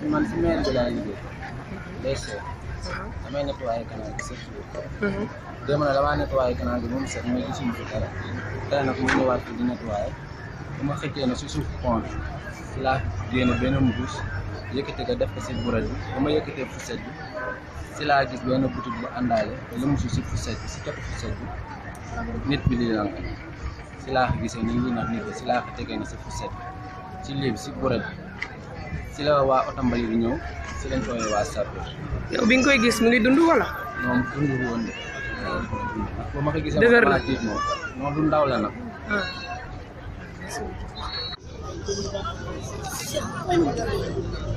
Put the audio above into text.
si man si maire bi laa liggéey DG damay nettoyé canal bi chaque jour. démb nag ma xëccee ne si suuf pont si laa génne benn mbuus yëkkate ko def ko si bureau bi ba ma yëkkatee fourchette bi si laa gis benn boutique bu àndaale te li mu si fourchette bi si cotu fourchette bi nit bi lii lan si laa ko gisee nit bi si laa ko tegee ne si fourchette bi si lii si bureau si la waa oto mbali bi ñëw si lañ koy waa Sarko. yow bi koy gis mu ngi dund wala. moom dundu woon de. bu ma ko gisee dëgër moom moom du ndaw la nag. Ah.